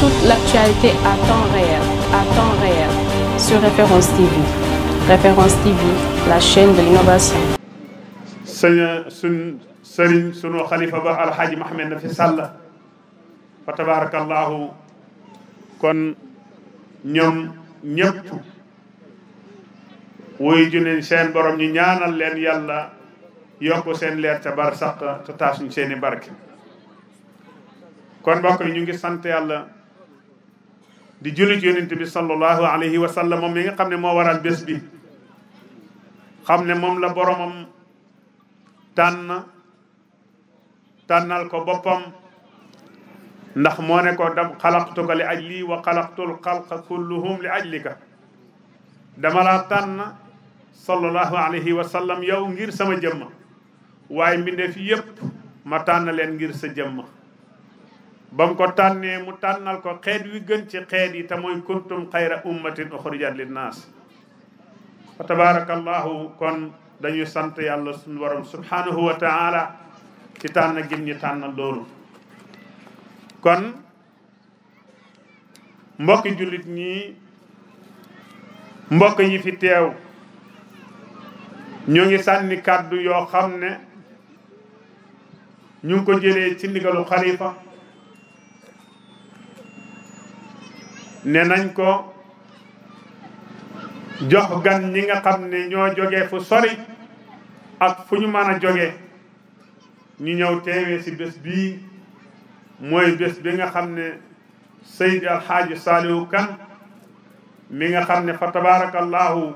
toute l'actualité à temps réel, à temps réel, sur Référence TV. Référence TV, la chaîne de l'innovation. sëriñ sunu xalifa ba alxaaji Maxamed na fi sàll fa tabarakallah kon ñoom ñëpp wuy juneen seen borom ñu ñaanal len yalla yokk sen leer te bar saq ta taasuñ seeni barke kon bokk ñu ngi sant yalla di julit yonent bi sallallahu alayhi wa sallam mi nga xamne mo waral bés bi xamne mom la boromam tan tanal ko bopam ndax mo ne ko dam xalaqtuka li ajli wa xalaqtul khalq kulluhum li ajlika dama la tan sallallahu alayhi wa sallam yow ngir sama way mbinde fi yep ma tànn leen ngir sa jëmma ba ko tànnee mu tànnal ko xeet wi gën ci xeet yi te mooy kuntum xayra ummatin uxrijat linnaas tabarakallahu kon dañuy sant yàlla suñu waram subhanahu wa taala ci tànn gim ñi tànnal loolu kon mbokki jullit ñi mbokk yi fi teew ñu ngi sànni kàddu yoo xam ne ñu ngi ko jëlee ci ndigalu xalifa ne nañ ko jox gan ñi nga xam ne ñoo jógee fu sori ak fu ñu mën a jóge ñu ñëw teewee ci bés bii mooy bés bi nga xam ne Seydi Alxaaji Saaliwu Kan mi nga xam ne fa tabaarakallaahu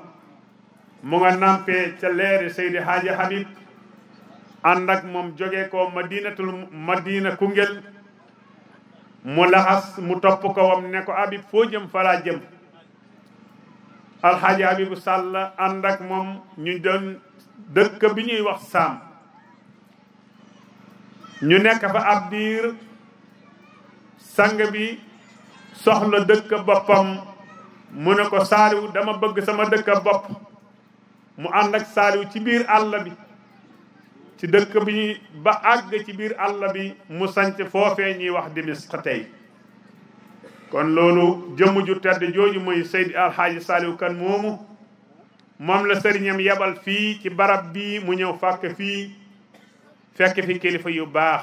mu nga nampee ca leeri Seydi Xaaji Habib ànd ak moom joge ko Madinatul Madina Koungheul mu laxas mu topp ko wam ne ko abib foo jëm falaa jëm alxaaji abibu sàll ànd ak moom ñu doon dëkk bi ñuy wax saam ñu nekk fa ab diir sang bi soxla dëkk boppam mu ne ko saaliw dama bëgg sama dëkk bopp mu ànd ak saaliw ci biir àll bi ci dëkk bi ba àgg ci biir àll bi mu sanc foofee ñuy wax Dimisq tey kon loolu jëmm ju tedd jooju muy Seydi Alxaaji Saaliw Kan moomu moom la sëriñam yebal fii ci barab bii mu ñëw fàkk fii fekk fi kilifa yu baax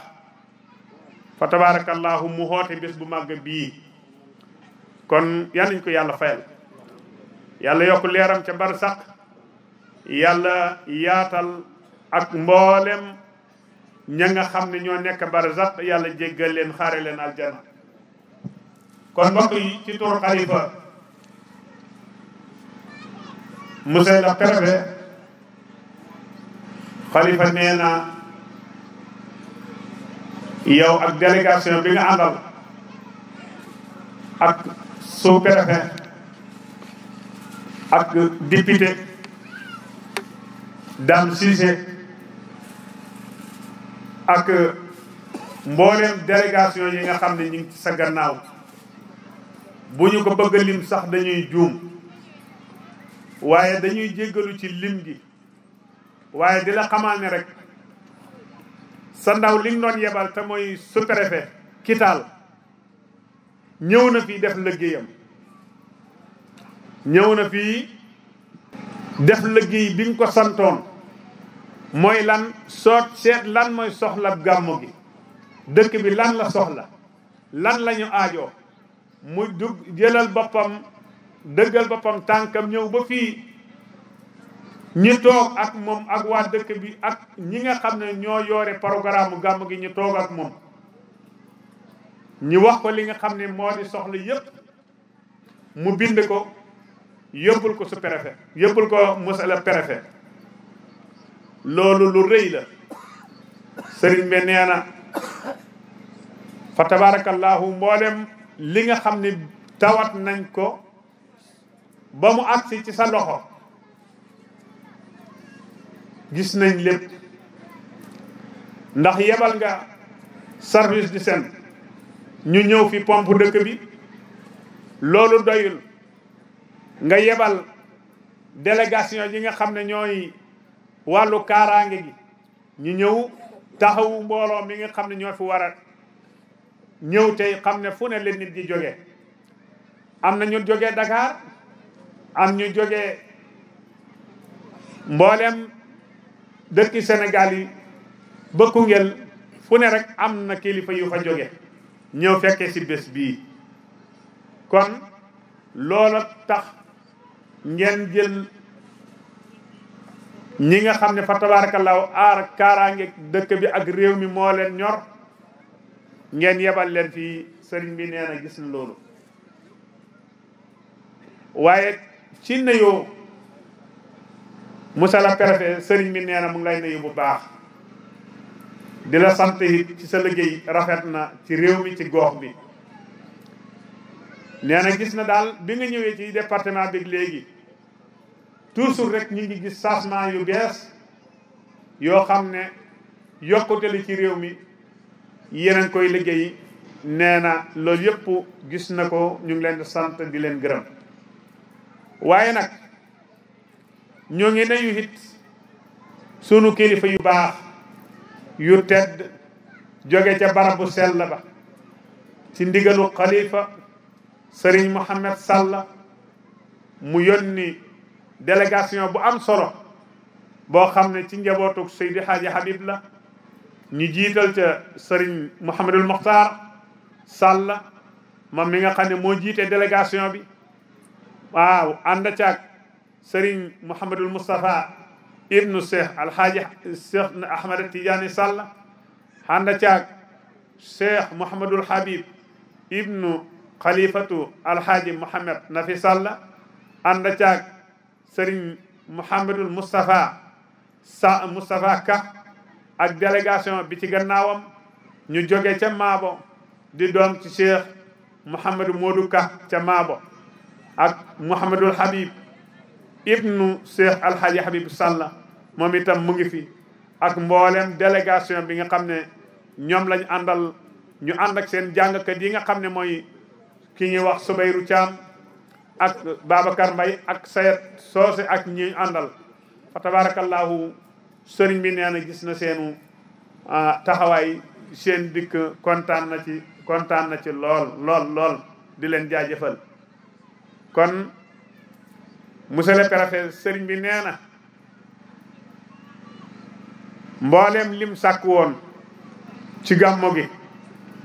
fa tabaarakallaahu mu hoote bés bu màgg bii kon yal nañ ko yàlla fayal yàlla yokk leeram ca barsàq yàlla yaatal ak mboolem ña nga xam ne ñoo nekk barzat yàlla jéggal leen xaare leen aljana kon mbokk yi ci tur xalifa monsieur le préfet xalifa nee na yow ak délégation bi nga àndal ak sous préfet ak député Dame Cissé ak mbooleem délégation yi nga xam ne ñu ngi ci sa gannaaw bu ñu ko bëgg lim sax dañuy juum waaye dañuy jéggalu ci lim gi waaye di la xamal ni rek sa ndaw li nga doon yebal te mooy sous-préfet ñëw na fii def liggéeyam ñëw na fii def liggéey bi nga ko santoon mooy lan soot seet lan mooy soxla gàmmu gi dëkk bi lan la soxla lan lañu ñu aajoo mu dug jëlal boppam dëggal boppam tànkam ñëw ba fii ñi toog ak moom ak waa dëkk bi ak ñi nga xam ne ñoo yoore programme gàmm gi ñu toog ak moom ñu wax ko li nga xam ne moo di soxla yépp mu bind ko yóbbul ko su préfet yóbbul ko monsieur le préfet loolu lu rëy la sëriñ bi nee na fa tabarakallahu mboolem li nga xam ne tawat nañ ko ba mu agsi ci sa loxo gis nañ lépp ndax yebal nga service di sen ñu ñëw fi pompe dëkk bi loolu doyul nga yebal délégation yi nga xam ne ñooy wàllu kaaraange gi ñu ñëw taxawu mbooloo mi nga xam ne ñoo fi wara ñëw tey xam ne fu ne leen nit di jóge am na ñu jógee Dakar am ñu jógee mboolem dëkki Sénégal yi bëkku Koungheul fu ne rek am na kilifa yu fa jóge ñëw fekkee ci bés bii kon loola tax ngeen jël ñi nga xam ne fa tabaarakallaahu aar kaaraange dëkk bi ak réew mi moo leen ñor ngeen yebal leen fii sëriñ bi neena na gis na loolu waaye ci nuyoo monsieur le préfet sëriñ bi nee na mu ngi lay nuyu bu baax di la sant it ci sa liggéey rafet na ci réew mi ci gox bi nee na gis na daal bi nga ñëwee ci département bi léegi toujours rek ñu ngi gis changement yu bees yoo xam ne yokkute li ci réew mi yéen koy liggéey nee na loolu yëpp gis na ko ñu ngi leen sant di leen gërëm waaye nag ñoo ngi nañu it sunu kilifa yu baax yu tedd jóge ca barabu sell ba ci ndigalu xalifa sëriñ Mouhamed Sall mu yónni délégation bu am solo boo xam ne ci njabootuk Seydi Hadji Habib la ñu jiital ca Serigne Mouhamadul Mokhtar Sall moom mi nga xam ne moo délégation bi waaw ànd caag Serigne mustafa Moustapha ibnu Cheikh Alhaaji Cheikh Ahmed tijani Sall ànd caag Cheikh Mouhamadul Habib ibnu Khalifatu Alhaaji Mohamed Nafi Sall ànd caag sëriñ Mouhamadul Moustapha sa Moustapha Ka ak délégation bi ci gannaawam ñu joge ca Maabo di doom ci Cheikh Mouhamadou Modou Ka ca Maabo ak Mouhamadul Habib ibnu Cheikh Alhaji Habib Sall moom itam mu ngi fi ak mboolem délégation bi nga xam ne ñoom lañu àndal ñu ànd ak seen jàngkat yi nga xam ne mooy ki ñuy wax Subayru cam ak Babacar mbay ak Sayet Soose ak ñi àndal fa tabaarakallaahu sëriñ bi nee na gis na seenu ah, taxawaay seen dikk kontaan na ci kontaan lool lool di leen jaajëfal kon monsieur le préfet sëriñ bi nee na mbooleem lim sàkk woon ci gàmmo gi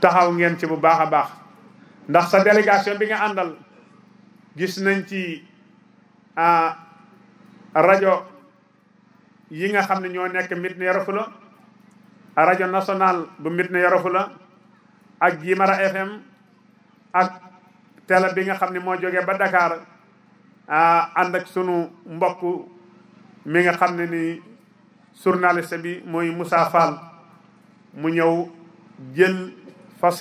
taxaw ngeen ci bu baax a baax ndax sa délégation bi nga àndal gis nañ ci rajo yi nga xam ne ñoo nekk Médina Yoro a rajo national bu Médina Yoro la ak Jimara FM ak tele bi nga xam ne moo jógee ba Dakar ah ànd ak sunu mbokk mi nga xam ne ni journaliste bi mooy Moussa Fall mu ñëw jël fas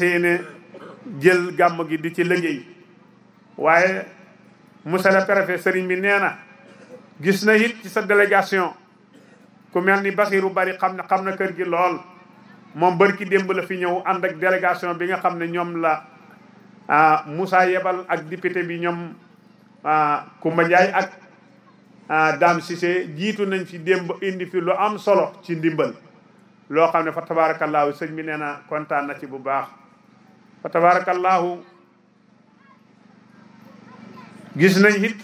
jël gàmm gi di ci liggéey waaye monsieur le préfet sëriñ bi nee na gis na it ci sa délégation ku mel ni Basiru bari xam na xam na kër gi lool moom ki démb la fi ñëw ànd ak délégation bi nga xam ne ñoom la ah Moussa Yebal ak député bi ñoom ah Kumba Ndiaye ak ah Dame Cissé jiitu nañ fi démb indi fi lu am solo ci ndimbal loo xam ne fa tabaarakallaahu sëñ bi nee na kontaan na ci bu baax fa tabaarakallaahu gis nañ it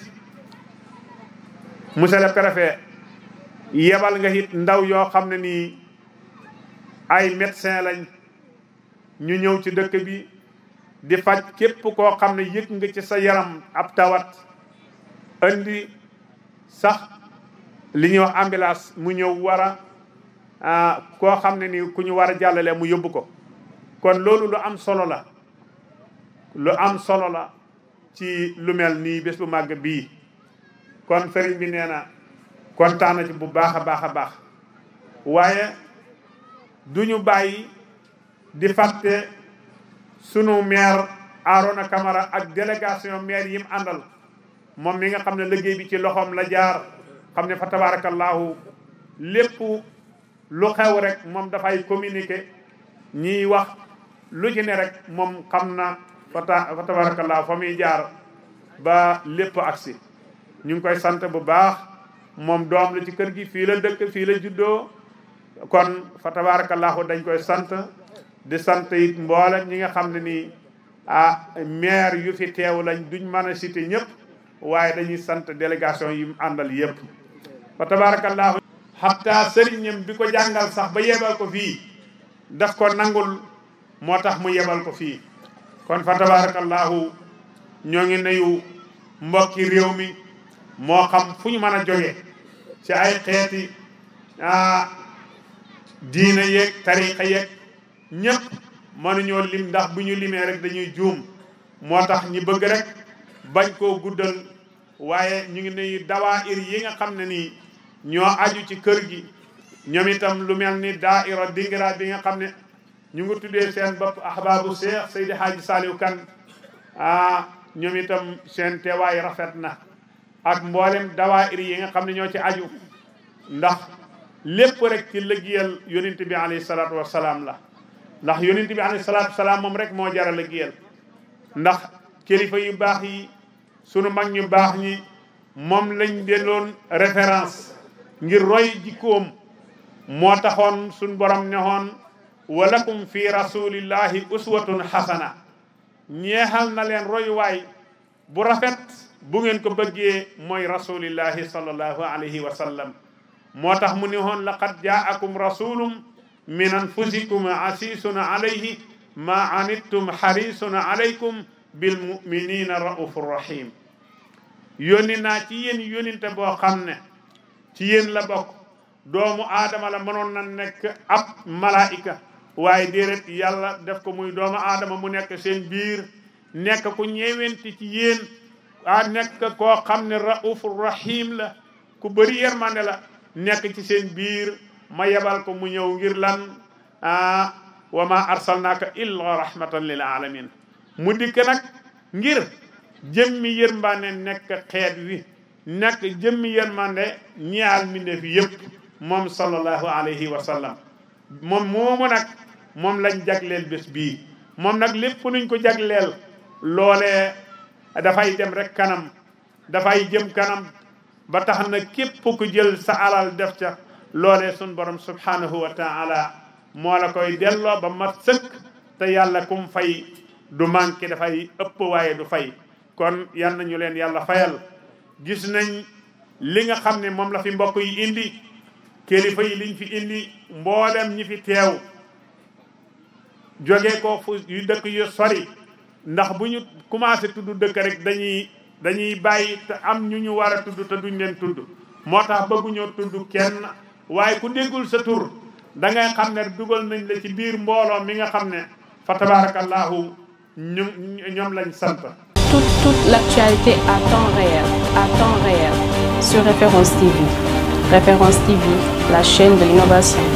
monsieur le préfet yebal nga it ndaw yoo xam ne nii ay médecin lañ ñu ñëw ci dëkk bi di faj képp koo xam ne yëg nga ci sa yaram ab tawat andi sax li ñuy wax ambulance mu ñëw war a koo xam ne ni ku ñu war a jàllale mu yóbbu ko kon loolu lu am solo la lu am solo la ci lu mel nii bés bu màgg bii kon sëriñ bi nee na kontaan ci bu baax a baax a baax waaye duñu bàyyi di fàtte sunu maire Arona Camara ak délégation maire yim àndal moom mi nga xam ne liggéey bi ci loxoom la jaar xam ne fa tabaarakallaahu lépp lu xew rek moom dafay communiquer ñiy wax lu ci ne rek moom xam na fa fa tabarakallaa fa muy jaar ba lépp agsi ñu ngi koy sant bu baax moom doom la ci kër gi fii la dëkk fii la juddoo kon fa tabarakallaahu dañ koy sant di sant it mboolem ñi nga xam ne nii a maire yu fi teew lañ duñ mën a cité ñëpp waaye dañuy sant délégation yi mu àndal yëpp fa tabarakallaahu xataa sëriñam bi ko jàngal sax ba yebal ko fii daf ko nangul moo tax mu yebal ko fii kon fa tabarakallahu ñoo ngi nuyu mbokki réew mi moo xam fu ñu mën a joge ci ay xeeti ah diina yeeg tariqa yeeg ñëpp mënuñoo lim ndax bu ñu limee rek dañuy juum moo tax ñi bëgg rek bañ koo guddal waaye ñu ngi nuyu dawaayir yi nga xam ne nii ñoo aju ci kër gi ñoom itam lu mel ni daaira dingira bi nga xam ne ñu ngi tuddee seen bopp ahbaabu Cheikh Seydi Hadji Saliou Kane ah ñoom itam seen teewaay rafet na ak mboolem dawaayir yi nga xam ne ñoo ci aju ndax lépp rek ci lëggiyal yonent bi alayhi salaatu wa salaam la ndax yonent bi alayhi salaatu wa moom rek moo jar a lëggiyal ndax kilifa yu baax yi sunu mag ñu baax ñi moom lañ delloon référence ngir roy jikkoom moo taxoon suñ borom nexoon ولكم في رسول الله أسوة حسنة نيهال نالين روي واي برافت بوغن كو موي رسول الله صلى الله عليه وسلم موتاخ موني هون لقد جاءكم رسول من انفسكم عزيز عليه ما عنتم حريص عليكم بالمؤمنين رؤوف رحيم يوننا تي ين يوننت بو خامني تي ين لا بوك دومو ادم لا منون نك اب ملائكه waaye déedéet yàlla def ko muy doom aadama mu nekk seen biir nekk ku ñeewente ci yéen nekk koo xam ne raufur rahim la ku bëri yermande la nekk ci seen biir ma yebal ko mu ñëw ngir lan ah wa ma arsalnaaka illa rahmatan lil alamin mu dikk nag ngir jëmmi yërmande nekk xeet wi nekk jëmmi yërmande ñaal mbindeef yëpp moom sallallahu alayhi wa sallam moom moomu nag moom lañ jagleel bés bii moom nag lépp nuñ ko jagleel loole dafay dem rek kanam dafay jëm kanam ba tax na képp ku jël sa alal def ca loole sun borom subhanahu wa taala moo la koy delloo ba mat sëkk te yàlla kum fay du manqué dafay ëpp waaye du fay kon yal nañu leen yàlla fayal gis nañ li nga xam ne moom la fi mbokk yi indi kilifa yi liñ fi indi mboolem ñi fi teew jogé ko fu yu dëkk yu sori ndax bu ñu commencé tudd dëkk rek dañuy dañuy bàyyi te am ñu ñu war a tudd te duñ leen tudd moo tax bëgguñoo tudd kenn waaye ku déggul sa tur da ngay xam ne dugal nañ la ci biir mbooloo mi nga xam ne fa tabarakallahu ñu ñoom lañ sant toute toute l'actualité à temps réel à temps réel sur Référence TV Référence TV la chaîne de l'innovation